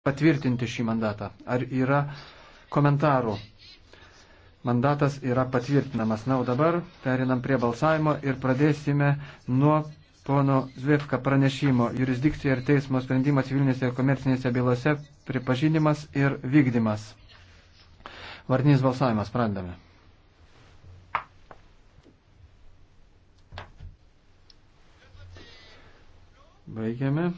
patvirtinti šį mandatą. Ar yra komentarų? Mandatas yra patvirtinamas. Na, o dabar perinam prie balsavimo ir pradėsime nuo pono Zvefka pranešimo. Jurisdikcija ir teismo sprendimas civilinėse ir komercinėse bylose pripažinimas ir vykdymas. Vardinis balsavimas, pradedame. Baigiame.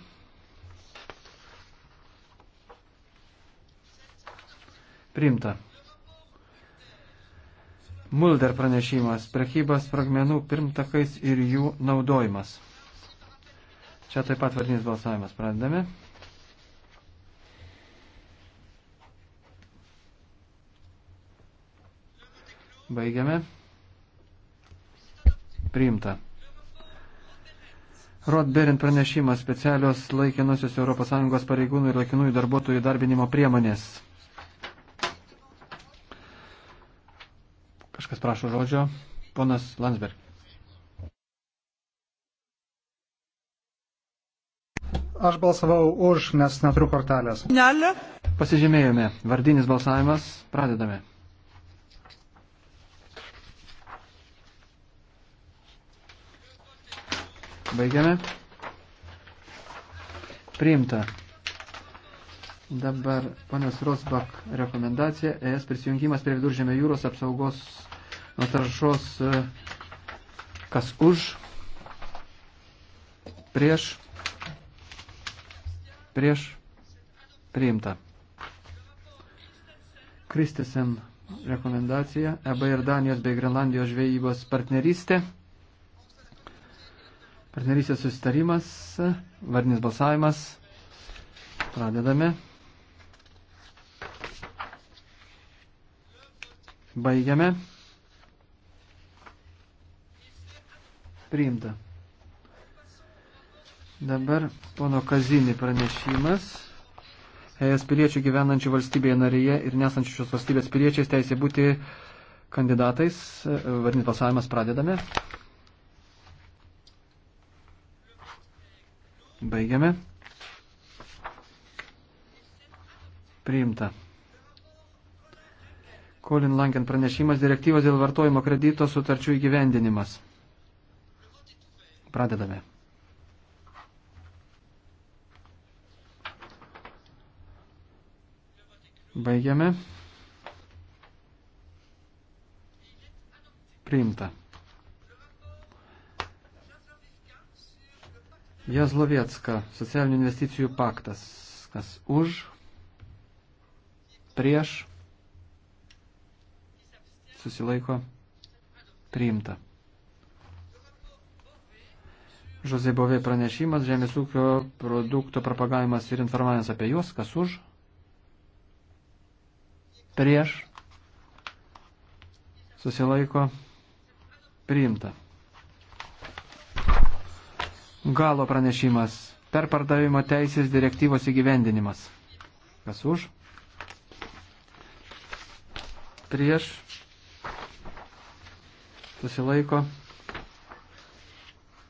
Primta. Mulder pranešimas - prekybos sprogmenų pirmtakais ir jų naudojimas. Čia taip pat vardinis balsavimas. Pradedame. Baigiame. Priimta. Rodberin pranešimas specialios laikinosios ES pareigūnų ir laikinųjų darbuotojų darbinimo priemonės. kas prašo žodžio? Ponas Landsberg. Aš balsavau už, nes neturiu kortelės. Nelė. Pasižymėjome. Vardinis balsavimas. Pradedame. Baigiame. Priimta. Dabar panas Rosbach rekomendacija ES prisijungimas prie viduržėmio jūros apsaugos nuo taršos, e, kas už, prieš, prieš, priimta. Kristisen rekomendacija, EB ir Danijos bei Grenlandijos žvejybos partnerystė, partnerystės susitarimas, vardinis balsavimas, pradedame. Baigiame. priimta. Dabar pono Kazinį pranešimas. ES piliečių gyvenančių valstybėje narėje ir nesančių šios valstybės piliečiais teisė būti kandidatais. Vadinit pasavimas pradedame. Baigiame. Priimta. Kolin Langen pranešimas direktyvos dėl vartojimo kredito sutarčių įgyvendinimas. Pradedame. Baigiame. Priimta. Jazlovietska, socialinių investicijų paktas. Kas už, prieš, susilaiko, priimta. Žozebovė pranešimas, žemės ūkio produkto propagavimas ir informavimas apie juos, kas už, prieš, susilaiko, priimta. Galo pranešimas, perpardavimo teisės direktyvos įgyvendinimas, kas už, prieš, susilaiko,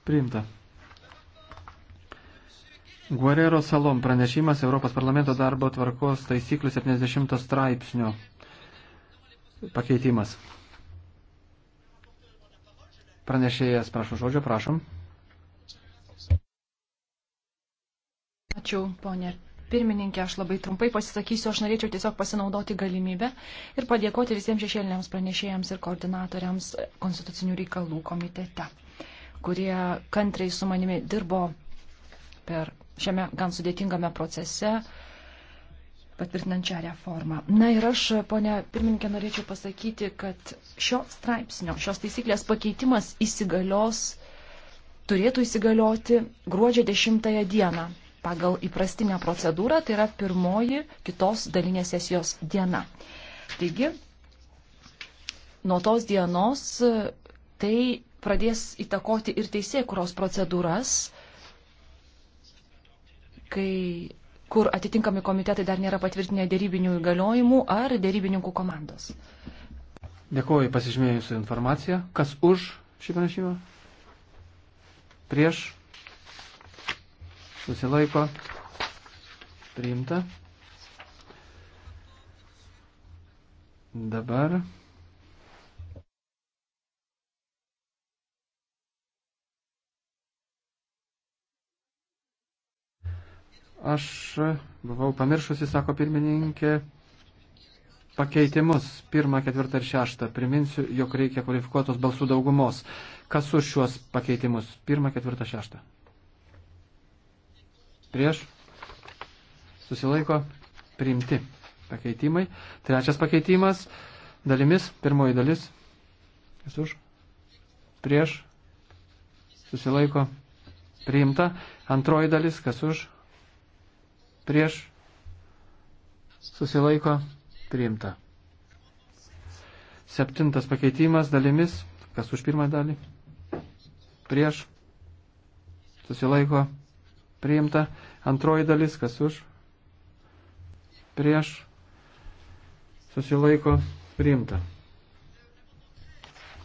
priimta. Guerrero Salom pranešimas Europos parlamento darbo tvarkos taisyklių 70 straipsnio pakeitimas. Pranešėjas, prašau žodžio, prašom. Ačiū, ponė pirmininkė, aš labai trumpai pasisakysiu, aš norėčiau tiesiog pasinaudoti galimybę ir padėkoti visiems šešėliniams pranešėjams ir koordinatoriams konstitucinių reikalų komitete, kurie kantriai su manimi dirbo per šiame gan sudėtingame procese, patvirtinant šią reformą. Na ir aš, ponia pirmininkė, norėčiau pasakyti, kad šio straipsnio, šios taisyklės pakeitimas įsigalios, turėtų įsigalioti gruodžio 10 dieną pagal įprastinę procedūrą, tai yra pirmoji kitos dalinės sesijos diena. Taigi, nuo tos dienos tai pradės įtakoti ir teisėkuros procedūras, kai, kur atitinkami komitetai dar nėra patvirtinę dėrybinių įgaliojimų ar dėrybininkų komandos. Dėkuoju pasižymėjusią informaciją. Kas už šį pranešimą? Prieš? Susilaiko? Priimta? Dabar Aš buvau pamiršusi, sako pirmininkė, pakeitimus pirmą, ketvirtą ir šeštą. Priminsiu, jog reikia kvalifikuotos balsų daugumos. Kas už šiuos pakeitimus? Pirmą, ketvirtą, šeštą. Prieš. Susilaiko. Priimti pakeitimai. Trečias pakeitimas. Dalimis. Pirmoji dalis. Kas už? Prieš. Susilaiko. Priimta. Antroji dalis. Kas už? prieš susilaiko priimta. Septintas pakeitimas dalimis, kas už pirmą dalį, prieš susilaiko priimta. Antroji dalis, kas už, prieš susilaiko priimta.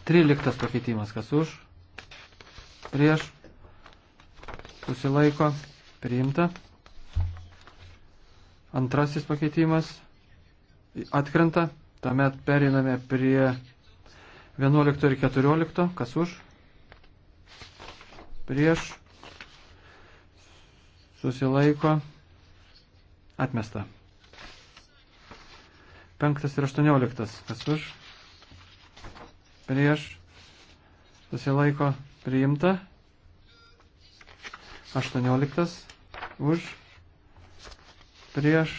Tryliktas pakeitimas, kas už, prieš susilaiko priimta. Antrasis pakeitimas atkrenta. Tuomet periname prie 11 ir 14. Kas už? Prieš. Susilaiko. Atmesta. 5 ir 18. Kas už? Prieš. Susilaiko. Priimta. 18. Už prieš,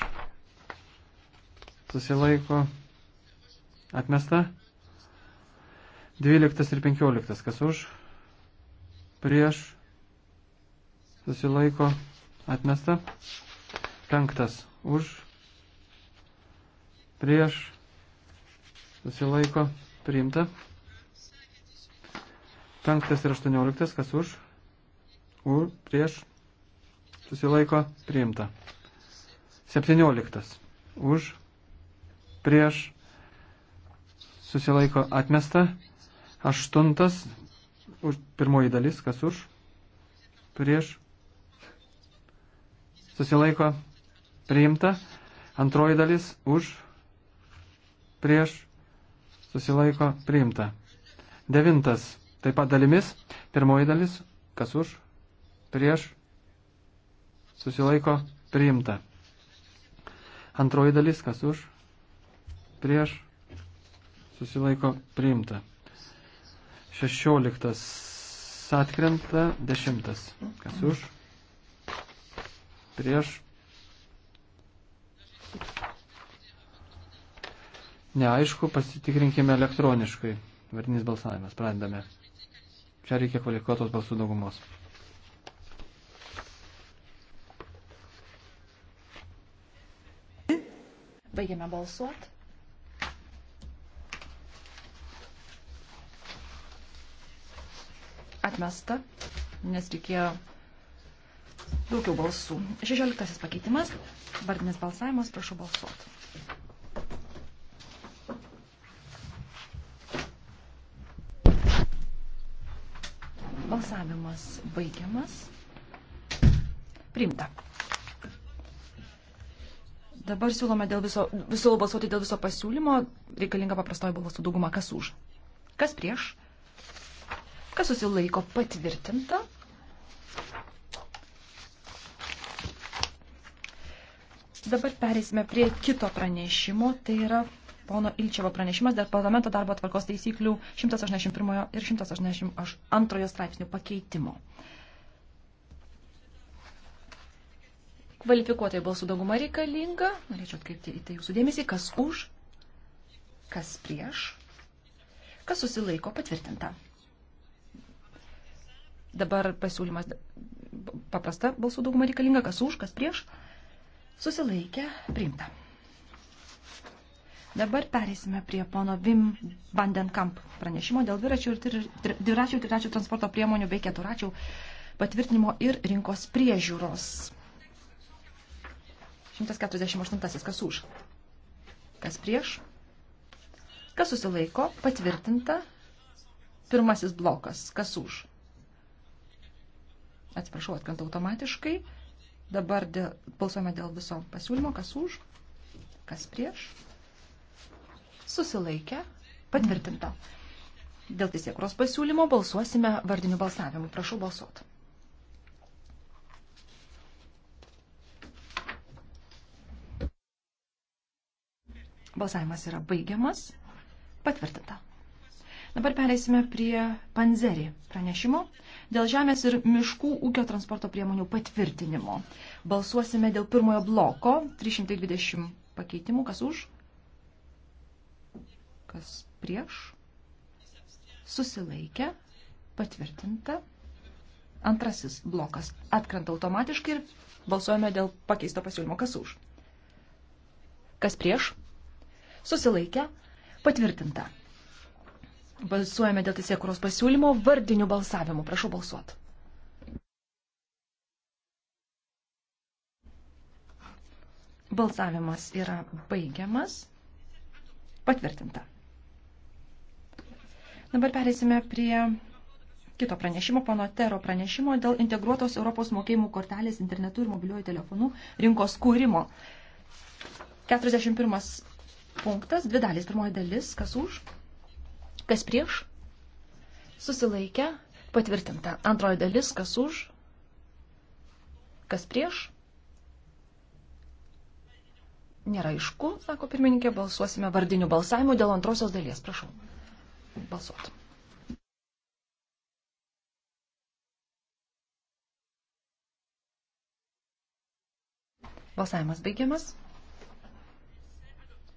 susilaiko, atmesta. 12 ir 15, kas už, prieš, susilaiko, atmesta. 5 už, prieš, susilaiko, priimta. 5 ir 18, kas už, už prieš, susilaiko, priimta. 17. Už, prieš, susilaiko atmesta. 8. Už pirmoji dalis, kas už, prieš, susilaiko priimta. Antroji dalis, už, prieš, susilaiko priimta. 9. Taip pat dalimis, pirmoji dalis, kas už, prieš, susilaiko priimta. Antroji dalis, kas už, prieš, susilaiko priimta. Šešioliktas atkrenta, dešimtas, kas už, prieš. Neaišku, pasitikrinkime elektroniškai. Vardinis balsavimas, pradedame. Čia reikia kvalifikuotos balsų daugumos. Baigėme balsuoti. Atmesta, nes reikėjo daugiau balsų. 16 pakeitimas, vardinis balsavimas, prašau balsuoti. Balsavimas baigiamas. Priimta. Dabar siūlome dėl viso, visų balsuoti dėl viso pasiūlymo, reikalinga paprastoji balsų dauguma, kas už, kas prieš, kas susilaiko patvirtinta. Dabar pereisime prie kito pranešimo, tai yra pono Ilčiavo pranešimas dėl parlamento darbo tvarkos taisyklių 181 ir 182 straipsnių pakeitimo. Kvalifikuotai balsų dauguma reikalinga. Norėčiau atkreipti į tai jūsų dėmesį, kas už, kas prieš, kas susilaiko patvirtinta. Dabar pasiūlymas paprasta balsų dauguma reikalinga, kas už, kas prieš, susilaikė priimta. Dabar perėsime prie pono Vim Vandenkamp pranešimo dėl dviračių ir dviračių, dviračių transporto priemonių bei keturačių patvirtinimo ir rinkos priežiūros. 148. Kas už? Kas prieš? Kas susilaiko? Patvirtinta. Pirmasis blokas. Kas už? Atsiprašau, atkanta automatiškai. Dabar dėl, balsuojame dėl viso pasiūlymo. Kas už? Kas prieš? Susilaikę. Patvirtinta. Dėl teisėkros pasiūlymo balsuosime vardiniu balsavimu. Prašau balsuoti. Balsavimas yra baigiamas. Patvirtinta. Dabar pereisime prie Panzerį pranešimo dėl žemės ir miškų ūkio transporto priemonių patvirtinimo. Balsuosime dėl pirmojo bloko 320 pakeitimų. Kas už? Kas prieš? Susilaikė. Patvirtinta. Antrasis blokas atkrenta automatiškai ir balsuojame dėl pakeisto pasiūlymo. Kas už? Kas prieš? susilaikę, patvirtinta. Balsuojame dėl teisėkuros pasiūlymo vardinių balsavimų. Prašau balsuoti. Balsavimas yra baigiamas. Patvirtinta. Dabar pereisime prie kito pranešimo, pono Tero pranešimo dėl integruotos Europos mokėjimų kortelės internetu ir mobiliuoju telefonu rinkos kūrimo. 41 punktas, dvi dalys. Pirmoji dalis, kas už, kas prieš, susilaikę, patvirtinta. Antroji dalis, kas už, kas prieš. Nėra aišku, sako pirmininkė, balsuosime vardiniu balsavimu dėl antrosios dalies. Prašau, balsuot. Balsavimas baigiamas.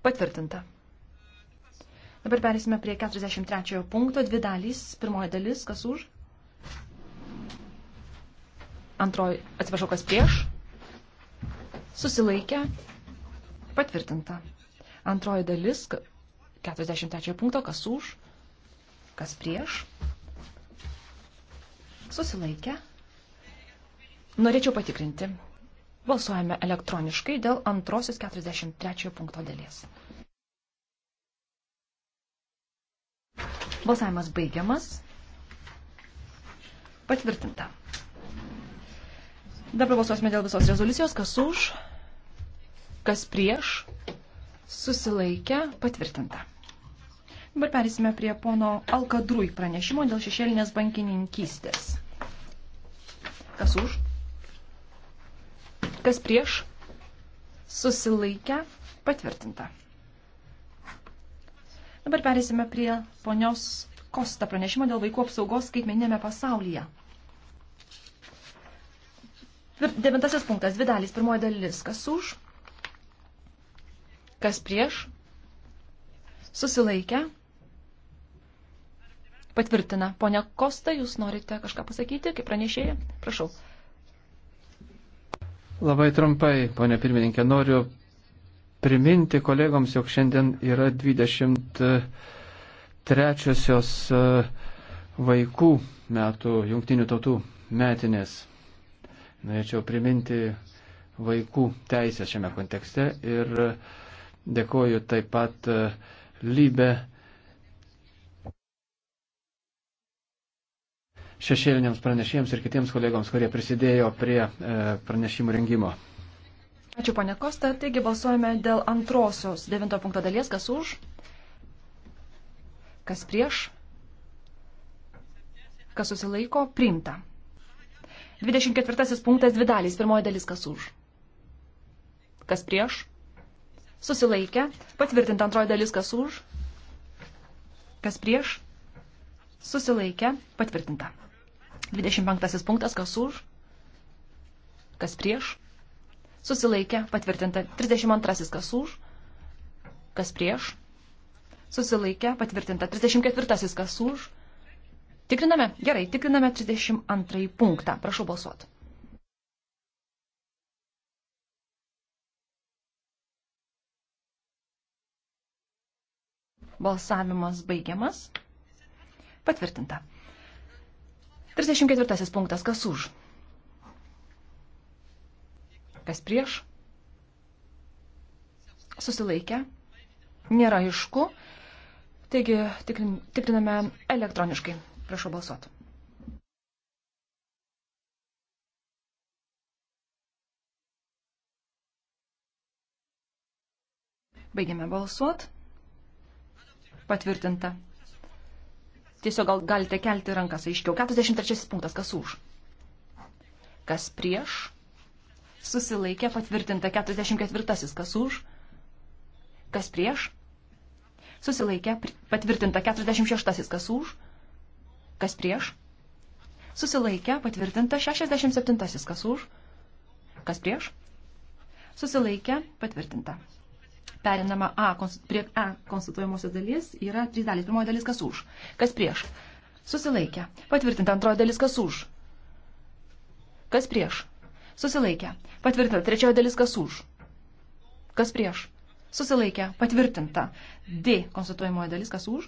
Patvirtinta. Dabar perėsime prie 43 punkto, dvi dalys, pirmoji dalis, kas už, antroji, atsiprašau, kas prieš, susilaikę, patvirtinta. Antroji dalis, 43 punkto, kas už, kas prieš, susilaikę, norėčiau patikrinti. Balsuojame elektroniškai dėl antrosios 43 punkto dalies. Balsavimas baigiamas. Patvirtinta. Dabar balsuosime dėl visos rezoliucijos, kas už, kas prieš, susilaikę, patvirtinta. Dabar perėsime prie pono Alkadrui pranešimo dėl šešėlinės bankininkystės. Kas už? Kas prieš? Susilaikę. Patvirtinta. Dabar perėsime prie ponios Kosta pranešimo dėl vaikų apsaugos skaitmeninėme pasaulyje. Devintasis punktas, dvi dalys, pirmoji dalis, kas už, kas prieš, susilaikę, patvirtina. Pone Kosta, jūs norite kažką pasakyti, kaip pranešėjai? Prašau. Labai trumpai, ponė pirmininkė, noriu priminti kolegoms, jog šiandien yra 23-osios e, vaikų metų jungtinių tautų metinės. Norėčiau priminti vaikų teisę šiame kontekste ir dėkoju taip pat e, Lybe šešėliniams pranešėjams ir kitiems kolegoms, kurie prisidėjo prie e, pranešimų rengimo. Ačiū, ponė Kosta. Taigi balsuojame dėl antrosios devinto punkto dalies. Kas už? Kas prieš? Kas susilaiko? Priimta. 24 punktas dvi dalys. Pirmoji dalis kas už? Kas prieš? Susilaikė. Patvirtinta antroji dalis kas už? Kas prieš? Susilaikė. Patvirtinta. 25 punktas, kas už, kas prieš, susilaikė, patvirtinta. 32 kas už, kas prieš, susilaikė, patvirtinta. 34 kas už. Tikriname, gerai, tikriname 32 punktą. Prašau balsuoti. Balsavimas baigiamas. Patvirtinta. 34 punktas. Kas už? Kas prieš? Susilaikę. Nėra aišku. Taigi tikriname elektroniškai. Prašau balsuoti. Baigiame balsuoti. Patvirtinta. Tiesiog gal galite kelti rankas aiškiau. 43 punktas, kas už? Kas prieš? Susilaikė patvirtinta 44, kas už? Kas prieš? Susilaikė patvirtinta 46, kas už? Kas prieš? Susilaikė patvirtinta 67, kas už? Kas prieš? Susilaikė patvirtinta perinama A, prie A konstatuojamosios dalies yra trys dalys. Pirmoji dalis kas už, kas prieš. Susilaikė. Patvirtinta antroji dalis kas už. Kas prieš. Susilaikė. Patvirtinta trečioji dalis kas už. Kas prieš. Susilaikė. Patvirtinta. D konstatuojamoji dalis kas už.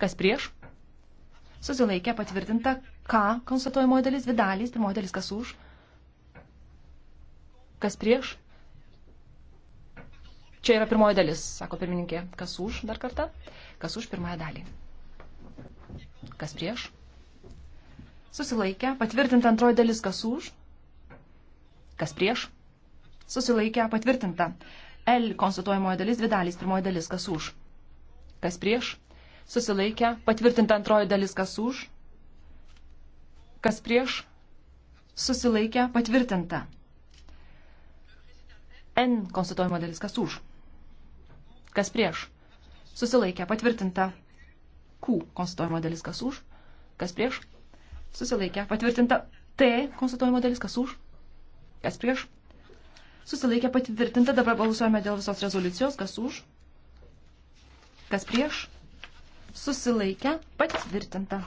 Kas prieš. Susilaikė. Patvirtinta K konstatuojamoji dalis dvi dalys. Pirmoji dalis kas už. Kas prieš. Čia yra pirmoji dalis, sako pirmininkė. Kas už dar kartą? Kas už pirmąją dalį? Kas prieš? Susilaikę. Patvirtinta antroji dalis. Kas už? Kas prieš? Susilaikę. Patvirtinta. L konstatuojamoji dalis. Dvi dalys. Pirmoji dalis. Kas už? Kas prieš? Susilaikę. Patvirtinta antroji dalis. Kas už? Kas prieš? Susilaikę. Patvirtinta. N konstatuojama dalis, kas už. Kas prieš? Susilaikė. Patvirtinta. Q konstatuojama dalis kas už. Kas prieš? Susilaikė. Patvirtinta. T konstatuojama dalis kas už. Kas prieš? Susilaikė. Patvirtinta. Dabar balsuojame dėl visos rezoliucijos. Kas už? Kas prieš? Susilaikė. Patvirtinta.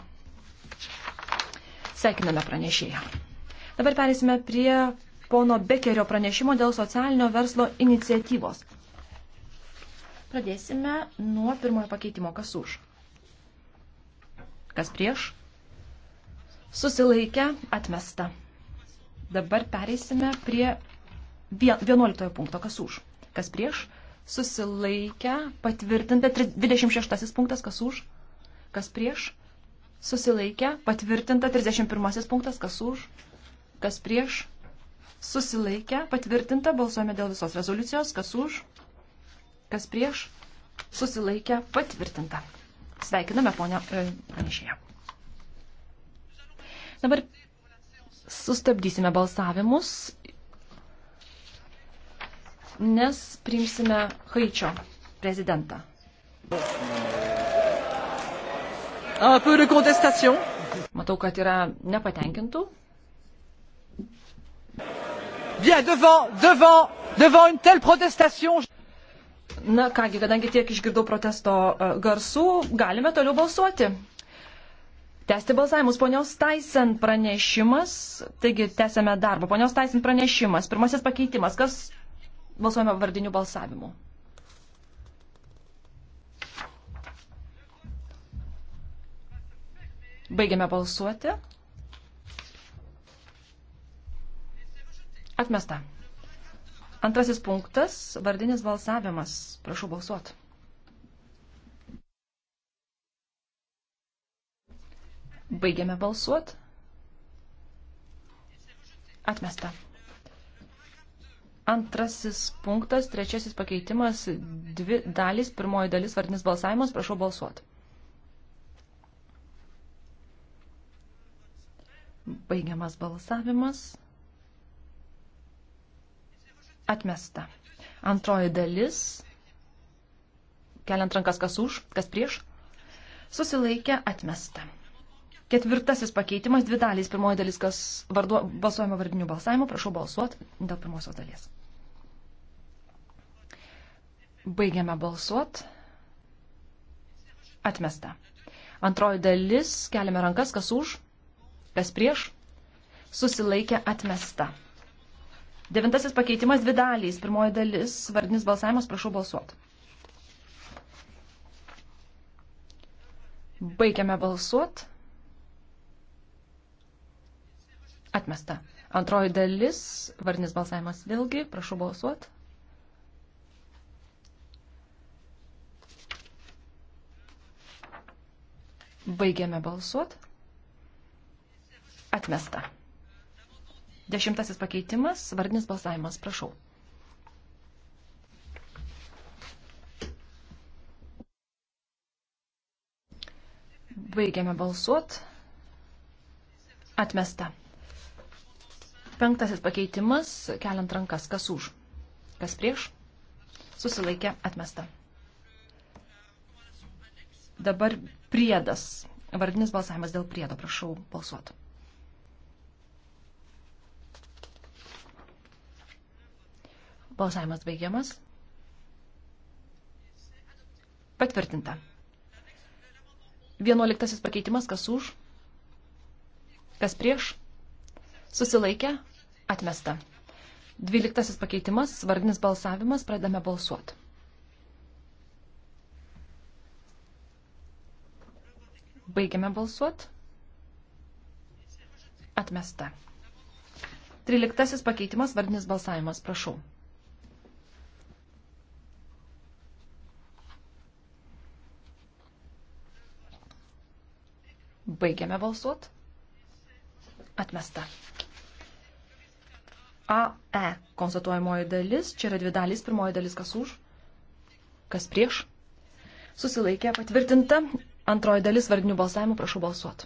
Sveikiname pranešėją. Dabar perėsime prie pono Bekerio pranešimo dėl socialinio verslo iniciatyvos. Pradėsime nuo pirmojo pakeitimo. Kas už? Kas prieš? Susilaikę atmesta. Dabar pereisime prie 11 punkto. Kas už? Kas prieš? Susilaikę patvirtinta. 26 punktas. Kas už? Kas prieš? Susilaikę patvirtinta. 31 punktas. Kas už? Kas prieš? Susilaikę patvirtinta. Balsuojame dėl visos rezoliucijos. Kas už? kas prieš, susilaikė patvirtinta. Sveikiname ponę e, pranešėją. Dabar sustabdysime balsavimus, nes priimsime Haičio prezidentą. Matau, kad yra nepatenkintų. Bien, devant, devant, devant une telle protestation. Na kągi, kadangi tiek išgirdau protesto e, garsų, galime toliau balsuoti. Tęsti balsavimus. Ponios Taisen pranešimas. Taigi, tęsiame darbą. Ponios Taisen pranešimas. Pirmasis pakeitimas. Kas balsuojame vardiniu balsavimu? Baigiame balsuoti. Atmesta. Antrasis punktas - vardinis balsavimas. Prašau balsuoti. Baigiame balsuoti. Atmesta. Antrasis punktas, trečiasis pakeitimas, dvi dalys, pirmoji dalis, vardinis balsavimas, prašau balsuoti. Baigiamas balsavimas. Atmesta. Antroji dalis. Keliant rankas kas už, kas prieš. Susilaikė atmesta. Ketvirtasis pakeitimas, dvi dalys. Pirmoji dalis, kas vardu, balsuojama vardiniu balsavimu. Prašau balsuoti dėl pirmosios dalies. Baigiame balsuoti. Atmesta. Antroji dalis, keliame rankas, kas už, kas prieš, susilaikė atmesta. Devintasis pakeitimas dvi dalys. Pirmoji dalis, vardinis balsavimas, prašau balsuoti. Baigiame balsuoti. Atmesta. Antroji dalis, vardinis balsavimas vėlgi, prašau balsuoti. Baigiame balsuoti. Atmesta. Dešimtasis pakeitimas, vardinis balsavimas, prašau. Baigiame balsuot. Atmesta. Penktasis pakeitimas, keliant rankas, kas už, kas prieš, susilaikė atmesta. Dabar priedas, vardinis balsavimas dėl priedo, prašau balsuoti. Balsavimas baigiamas. Patvirtinta. Vienuoliktasis pakeitimas, kas už, kas prieš, susilaikė, atmesta. Dvyliktasis pakeitimas, vardinis balsavimas, pradame balsuoti. Baigiame balsuoti. Atmesta. Tryliktasis pakeitimas, vardinis balsavimas, prašau. Baigiame balsuot. Atmesta. AE konstatuojamoji dalis, čia yra dvi dalys, pirmoji dalis kas už, kas prieš. Susilaikė patvirtinta, antroji dalis vardinių balsavimų, prašau balsuot.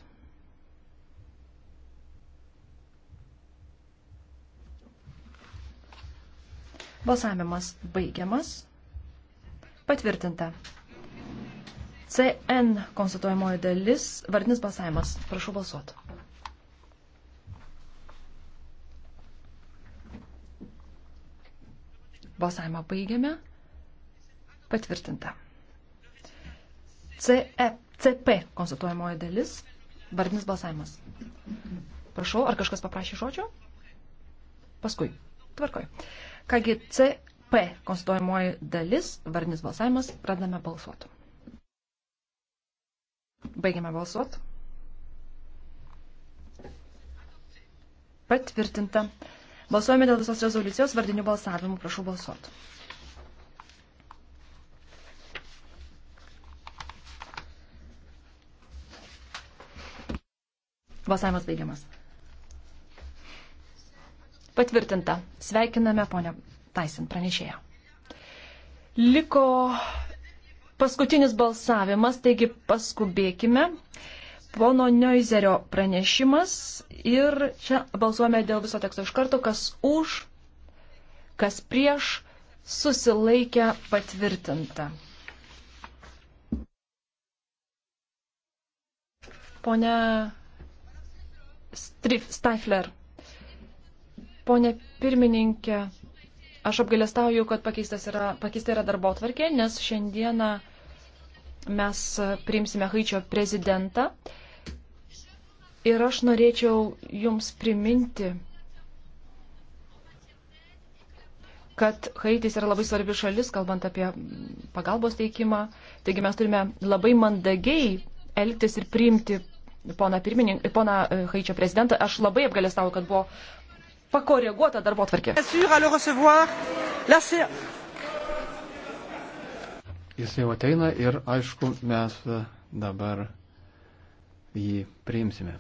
Balsavimas baigiamas. Patvirtinta. CN konstatuojamoji dalis, vardinis balsavimas. Prašau balsuoti. Balsavimą baigiame. Patvirtinta. CE, CP konstatuojamoji dalis, vardinis balsavimas. Prašau, ar kažkas paprašė žodžio? Paskui. Tvarkoj. Kągi, CP konstatuojamoji dalis, vardinis balsavimas, pradame balsuoti. Baigiame balsuot. Patvirtinta. Balsuojame dėl visos rezoliucijos vardinių balsavimų. Prašau balsuot. Balsavimas baigiamas. Patvirtinta. Sveikiname ponę Taisin pranešėją. Liko Paskutinis balsavimas, taigi paskubėkime. Pono Neuzerio pranešimas ir čia balsuojame dėl viso teksto iš karto, kas už, kas prieš, susilaikę patvirtinta. Pone Strif, Stifler. Pone pirmininkė, Aš apgailestauju, kad yra, pakeista yra darbo tvarkė, nes šiandieną mes priimsime Haičio prezidentą. Ir aš norėčiau Jums priminti, kad Haitis yra labai svarbi šalis, kalbant apie pagalbos teikimą. Taigi mes turime labai mandagiai elgtis ir priimti pona, pona e, Haičio prezidentą. Aš labai apgalėstau, kad buvo pakoreguota darbo tvarkė. Jis jau ateina ir aišku, mes dabar jį priimsime.